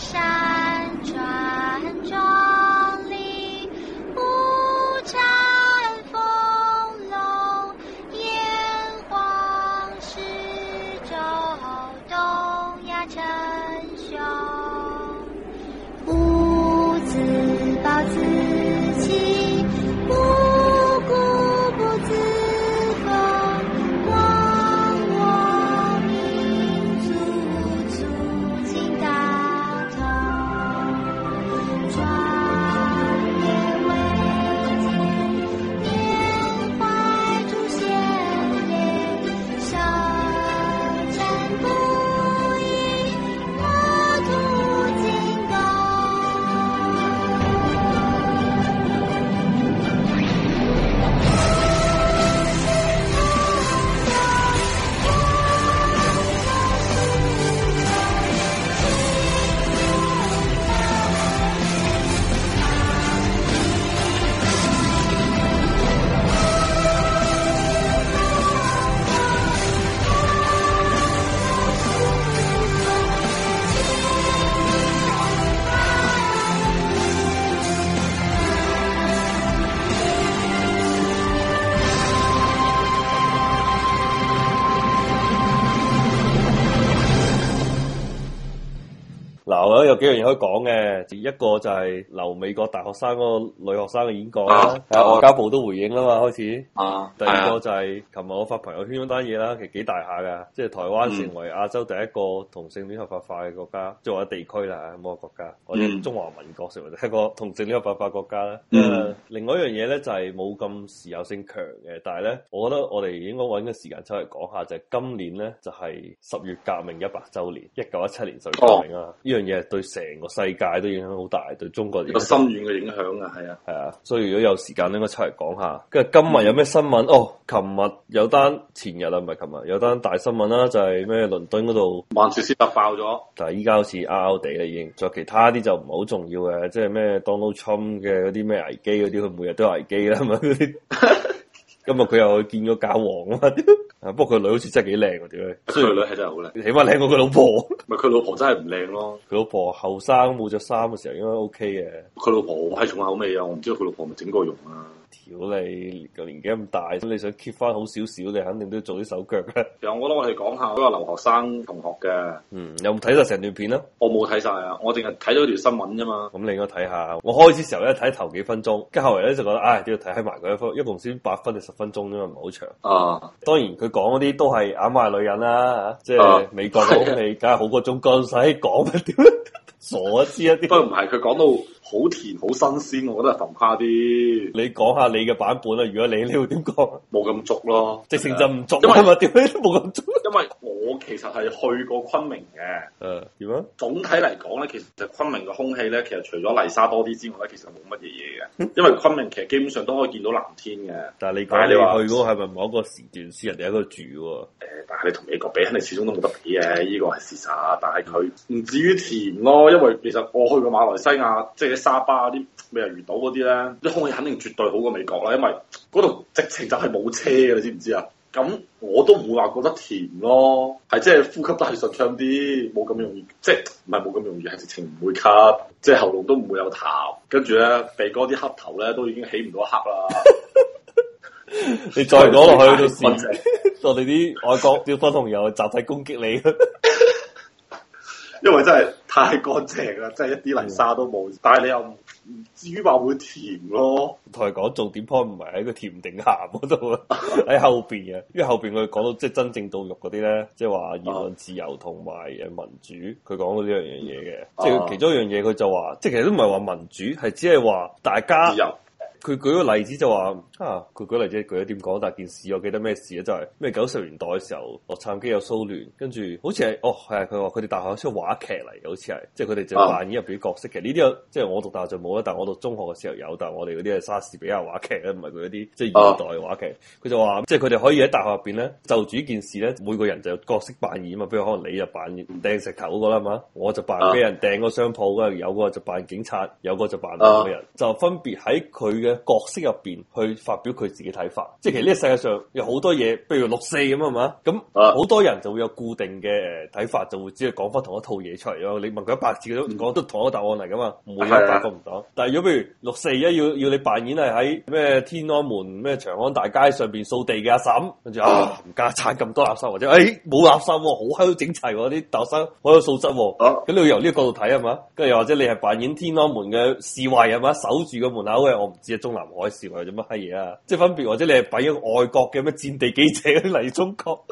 沙。有幾樣嘢可以講嘅，一個就係留美國大學生嗰個女學生嘅演講啦、啊啊，外交、啊、部都回應啦嘛，開始。啊、第二個就係琴日我發朋友圈嗰單嘢啦，其實幾大下噶，即係台灣成為亞洲第一個同性戀合法化嘅國家，即係話地區啦，咁個國家。嗯、我哋中華民國成為一個同性戀合法化國家啦。嗯、另外一樣嘢咧就係冇咁時效性強嘅，但係咧，我覺得我哋應該揾個時間出嚟講下，就係、是、今年咧就係、是、十月革命一百週年，一九一七年十月革命啊，呢樣嘢。對成個世界都影響好大，對中國有個深遠嘅影響啊，係啊，係啊，所以如果有時間咧，應該出嚟講下。跟住今日有咩新聞？嗯、哦，琴日有單前日啊，唔係琴日有單大新聞啦、啊，就係、是、咩倫敦嗰度曼徹斯特爆咗。但係依家好似拗拗地啦，已經。仲有其他啲就唔係好重要嘅，即係咩 Donald Trump 嘅嗰啲咩危機嗰啲，佢每日都有危機啦，係咪？今日佢又去見咗教皇啊？ 啊！不過佢女好似真係幾靚喎，點，所以佢女係真係好靚，起碼靚過佢老婆。唔係佢老婆真係唔靚咯，佢老婆後生冇着衫嘅時候應該 OK 嘅。佢老婆係重口味啊，我唔知佢老婆咪整過容啊。屌你個年紀咁大，咁你想 keep 翻好少少，你肯定都做啲手腳嘅。其實我諗我哋講下嗰個留學生同學嘅，嗯，有冇睇晒成段片咧？我冇睇晒啊，我淨係睇咗條新聞啫嘛。咁你應該睇下。我開始時候咧睇頭幾分鐘，跟住後來咧就覺得，唉、哎，都要睇喺埋佢一分，一共先八分就十分鐘啫嘛，唔係好長。啊，當然佢講嗰啲都係眼壞女人啦，即係美國嘅，梗係、啊、好過中國更使講乜添。 我知一啲、啊， 不過唔係佢講到好甜好新鮮，我覺得係浮誇啲。你講下你嘅版本啦，如果你呢度點講，冇咁足咯，直情 就唔足，因為係咪點解都冇咁足？因為 我其實係去過昆明嘅，誒點啊？總體嚟講咧，其實就昆明嘅空氣咧，其實除咗泥沙多啲之外咧，其實冇乜嘢嘢嘅，因為昆明其實基本上都可以見到藍天嘅。但係你，你話去嗰個係咪某一個時段先人哋喺度住喎、啊呃？但係你同美國比，肯定始終都冇得比嘅，呢個係事實。但係佢唔至於甜咯，因為其實我去過馬來西亞，即係啲沙巴啲美人魚島嗰啲咧，啲空氣肯定絕對好過美國啦，因為嗰度直情就係冇車嘅，你知唔知啊？咁、 嗯、我都唔會話覺得甜咯，係即係呼吸都係順暢啲，冇咁容易，即係唔係冇咁容易，係直情唔會咳，即係喉嚨都唔會有痰，跟住咧鼻哥啲黑頭咧都已經起唔到黑啦。 你再講落去，嗯嗯嗯嗯、 我哋啲外國啲粉紅友集體攻擊你。 因為真係太乾淨啦，真係一啲泥沙都冇。嗯、但係你又唔至於話會甜咯。同佢講重點 point 唔係喺個甜定鹹嗰度，喺 後邊嘅，因為後邊佢講到即係真正到肉嗰啲咧，即係話言論自由同埋誒民主，佢講到呢兩樣嘢嘅。即係、嗯嗯、其中一樣嘢，佢就話，即係其實都唔係話民主，係只係話大家、自由佢舉個例子就話啊，佢舉例子，舉咗點講？但件事我記得咩事咧？就係咩九十年代嘅時候，洛杉磯有蘇聯，跟住好似係哦係，佢話佢哋大學出話劇嚟，好似係即係佢哋就扮演入邊角色嘅。呢啲即係我讀大學就冇啦，但係我讀中學嘅時候有，但係我哋嗰啲係莎士比亞話劇啦，唔係佢嗰啲即係現代話劇。佢、uh. 就話即係佢哋可以喺大學入邊咧就住一件事咧，每個人就角色扮演啊，譬如可能你就扮演掟、uh. 石頭嗰個啦嘛，我就扮俾人掟、uh. 個商鋪嘅，有個就扮警察，有個就扮某個人，uh. 就分別喺佢角色入邊去發表佢自己睇法，即係其實呢個世界上有好多嘢，譬如六四咁啊嘛，咁好多人就會有固定嘅睇法，就會只係講翻同一套嘢出嚟咯。你問佢一百次都講得、嗯、同一個答案嚟噶嘛，冇咩答案唔到。啊、但係如果譬如六四一要要你扮演係喺咩天安門咩長安大街上邊掃地嘅阿嬸，跟住啊冚家鏟咁多垃圾，或者誒冇垃圾喎，好閪整齊喎、啊，啲垃圾好有素質喎、啊，咁、啊、你要由呢個角度睇係嘛？跟住又或者你係扮演天安門嘅侍衛係嘛，守住個門口嘅，我唔知中南海事或者乜閪嘢啊？即係分別，或者你係比個外國嘅咩戰地記者嚟中國，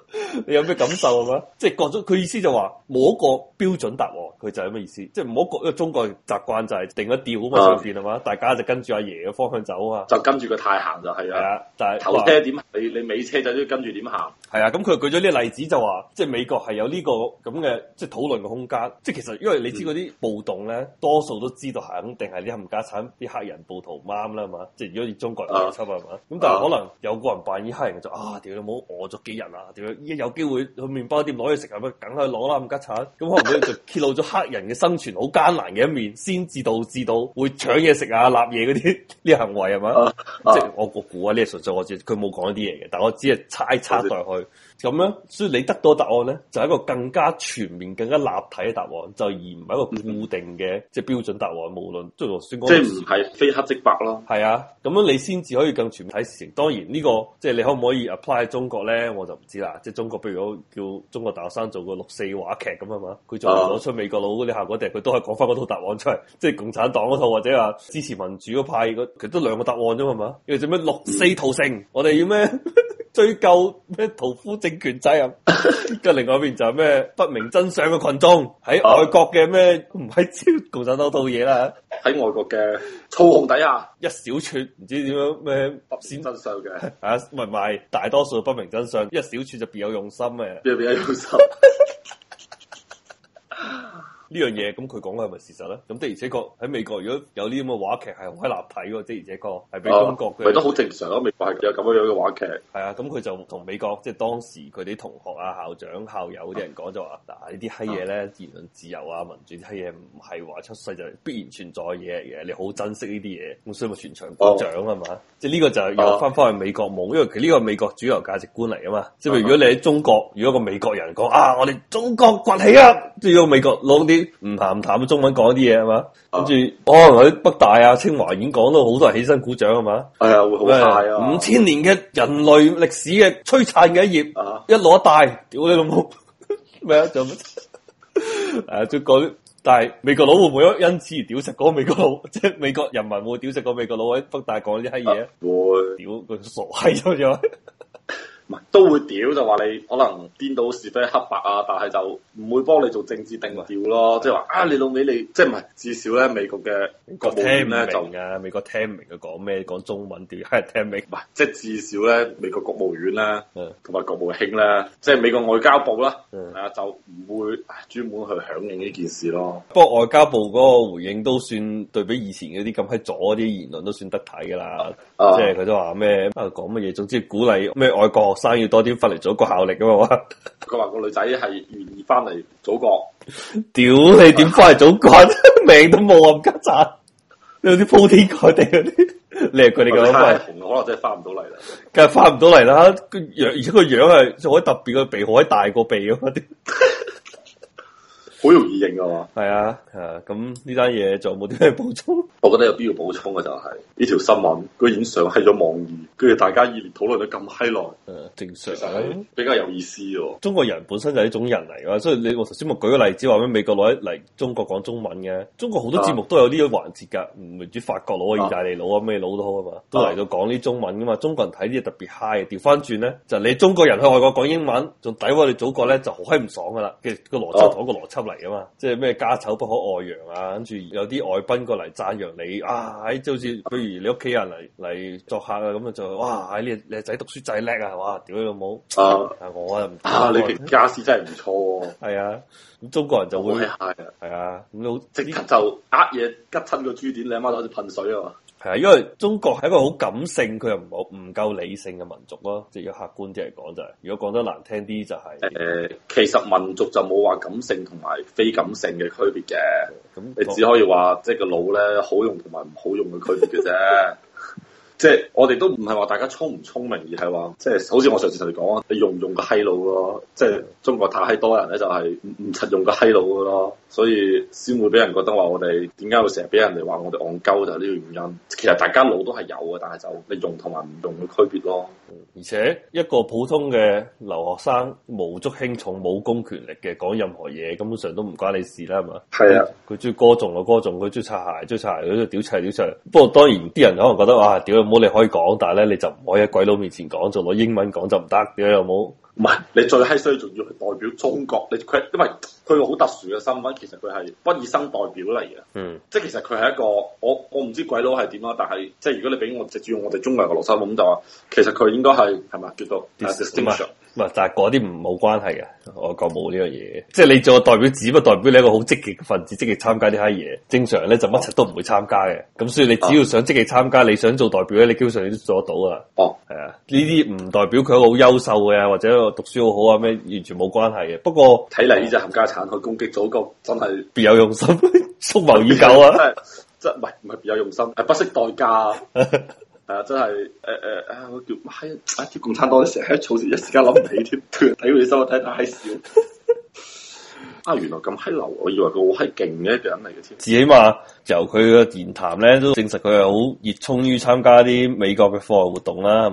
你有咩感受啊？即係講咗佢意思就話冇一個標準答案，佢就係咁嘅意思。即係冇一個因為中國習慣就係定咗調咁嘅上邊啊嘛，的大家就跟住阿爺嘅方向走啊嘛，就跟住個軚行就係啊，但係頭車點？你你尾車仔都跟住點行？係啊，咁佢舉咗啲例子就話，即係美國係有呢個咁嘅即係討論嘅空間。即係其實因為你知嗰啲暴動咧，多數都知道肯定係啲冚家產啲黑人暴徒唔啱啦嘛。即係如果中國人嚟睇係嘛，咁但係可能有個人扮依黑人就啊，屌你冇餓咗幾日啊，屌依家有機會去麵包店攞嘢食啊，係咪？梗係攞啦，咁夾鏟。咁可能佢就揭露咗黑人嘅生存好艱難嘅一面，先至導致到會搶嘢食啊、立嘢嗰啲呢行為係嘛？即係我我估啊，呢個純粹我知佢冇講一啲嘢嘅，但係我只係猜測落去。咁樣所以你得到答案咧，就係一個更加全面、更加立體嘅答案，就而唔係一個固定嘅即係標準答案，無論即係話選。即係唔係非黑即白咯。係啊。咁樣你先至可以更全面睇事情。當然呢個即係你可唔可以 apply 喺中國咧，我就唔知啦。即係中國，譬如我叫中國大學生做個六四話劇咁啊嘛，佢就攞出美國佬嗰啲效果定佢都係講翻嗰套答案出嚟，即係共產黨嗰套或者話支持民主嗰派，佢都兩個答案啫嘛，因為要做咩六四屠城？我哋要咩？ 追究咩屠夫政權責任，啊，跟 另外一邊就咩不明真相嘅群眾喺外國嘅咩唔喺超共產黨套嘢啦，喺外國嘅操控底下，一小撮唔知點樣咩不先真相嘅啊，唔係唔係，大多數不明真相，一小撮就別有用心嘅，別別有，有用心。 呢樣嘢，咁佢講嘅係咪事實咧？咁的而且確喺美國，如果有呢啲咁嘅話劇係好閪立體嘅，的而且確係比中國嘅，係都好正常咯。美國有咁樣樣嘅話劇。係啊，咁佢就同美國即係、就是、當時佢哋同學啊、校長、校友嗰啲人講就話：，嗱、啊，呢啲閪嘢咧，言論自由啊、民主啲閪嘢，唔係話出世就必然存在嘅嘢嘅，你好珍惜呢啲嘢。咁所以咪全場鼓掌係嘛？即係呢個就又翻翻去美國夢，因為其實呢個美國主流價值觀嚟啊嘛。即係如果你喺中國，如果個美國人講啊，我哋中國崛起啊！即係個美國攞啲唔鹹唔淡嘅中文講啲嘢係嘛，跟住可能喺北大啊清華演講到好多人起身鼓掌係嘛，係啊、哎、會好晒啊！五千年嘅人類歷史嘅璀璨嘅一頁，啊、一攞大，屌你老母，咩啊做乜？誒，即講、 啊，但係美國佬會唔會因此而屌食嗰美國佬？即、就、係、是、美國人民會屌食個美國佬喺北大講啲閪嘢？會屌個傻閪咗咋？ 都會屌就話你可能顛倒是非黑白啊，但係就唔會幫你做政治定調咯，即係話啊你老味，你即係唔係至少咧美國嘅國聽咧就啊美國聽唔明佢講咩講中文點聽明？唔係即係至少咧美國國務院啦，同埋國務卿啦，即係美國外交部啦，啊就唔會專門去響應呢件事咯。不過外交部嗰個回應都算對比以前嗰啲咁閪左啲言論都算得體噶啦，即係佢都話咩啊講乜嘢，總之鼓勵咩外國，學生要多啲翻嚟祖國效力噶嘛？佢話個女仔係願意翻嚟祖國。屌你點翻嚟祖國？命都冇啊！吉澤，有啲鋪天蓋地嗰啲。你係佢哋講太紅，可能真係翻唔到嚟啦。梗係翻唔到嚟啦。佢樣而且個樣係可以特別，個鼻可以大個鼻咁嗰啲。 好容易認啊嘛，係啊，咁呢單嘢仲有冇啲咩補充？我覺得有必要補充嘅就係，是，呢 條新聞，居然上 h 咗網易，跟住大家熱烈討論得咁 high 耐，正常，啊，比較有意思喎。中國人本身就係一種人嚟㗎，所以你我頭先咪舉個例子話咩？美國佬嚟中國講中文嘅，中國好多節目都有呢個環節㗎，唔係指法國佬啊，意大利佬啊咩佬都好啊嘛，都嚟到講啲中文㗎嘛。中國人睇啲嘢特別嗨，i 調翻轉咧就是，你中國人去外國講英文，仲詆毀你祖國咧就好嗨唔爽㗎啦。其實個邏輯同一個邏輯。啊嚟啊嘛，即係咩家醜不可外揚啊，跟住有啲外賓過嚟讚揚你啊，喺即好似，譬如你屋企人嚟嚟作客啊，咁啊就哇，哎你你仔讀書仔叻啊，哇，屌你老母，啊，我啊唔，啊，啊你家事真係唔錯喎，係啊，咁、 啊、中國人就會，係啊，咁、啊、你好即刻就呃嘢吉親個豬點，你阿媽就開始噴水啊嘛。係啊，因為中國係一個好感性，佢又唔好唔夠理性嘅民族咯。即係客觀啲嚟講就係、是，如果講得難聽啲就係、是。誒，其實民族就冇話感性同埋非感性嘅區別嘅，嗯嗯、你只可以話即係個腦咧好用同埋唔好用嘅區別嘅啫。 即係我哋都唔係話大家聰唔聰明，而係話即係好似我上次同你講啊，你用唔用個閪腦咯？即係中國太閪多人咧，就係唔唔用個閪腦噶咯，所以先會俾人覺得話我哋點解會成日俾人哋話我哋戇鳩，就係呢個原因。其實大家腦都係有嘅，但係就你用同埋唔用嘅區別咯。而且一個普通嘅留學生，無足輕重，冇公權力嘅，講任何嘢根本上都唔關你事啦，係嘛？係啊，佢中意歌頌啊，歌頌，佢中意擦鞋就擦鞋，佢都屌柴屌柴。不過當然啲人可能覺得哇屌！啊啊啊啊冇你可以講，但係咧你就唔可以喺鬼佬面前講，仲攞英文講就唔得嘅，有冇？唔係，你最閪衰仲要去代表中國，你佢因為佢個好特殊嘅身份，其實佢係畢業生代表嚟嘅。嗯，即係其實佢係一個，我我唔知鬼佬係點啦，但係即係如果你俾我，直接用我哋中國人嘅邏輯咁就話，其實佢應該係係咪？叫做啊但係嗰啲唔冇關係嘅，我講冇呢樣嘢。即係你做個代表，只不過代表你一個好積極嘅分子，積極參加呢閪嘢。正常咧就乜柒都唔會參加嘅。咁、啊、所以你只要想積極參加，啊、你想做代表咧，你基本上你都做得到啊。哦，係啊，呢啲唔代表佢一個好優秀嘅，或者一個讀書好好啊咩，完全冇關係嘅。不過睇嚟呢隻冚家鏟去攻擊祖國，真係別有用心，蓄謀已久啊 真！真係，真唔係唔係別有用心，係不惜代價。 啊，真係，誒誒誒，我叫嗨啊！啲共產黨成日喺草席一時間諗唔起添，睇佢心我睇太少。啊，原來咁閪流，我以為佢好閪勁嘅一個人嚟嘅添。最起碼由佢嘅言談咧，都證實佢係好熱衷於參加啲美國嘅課外活動啦。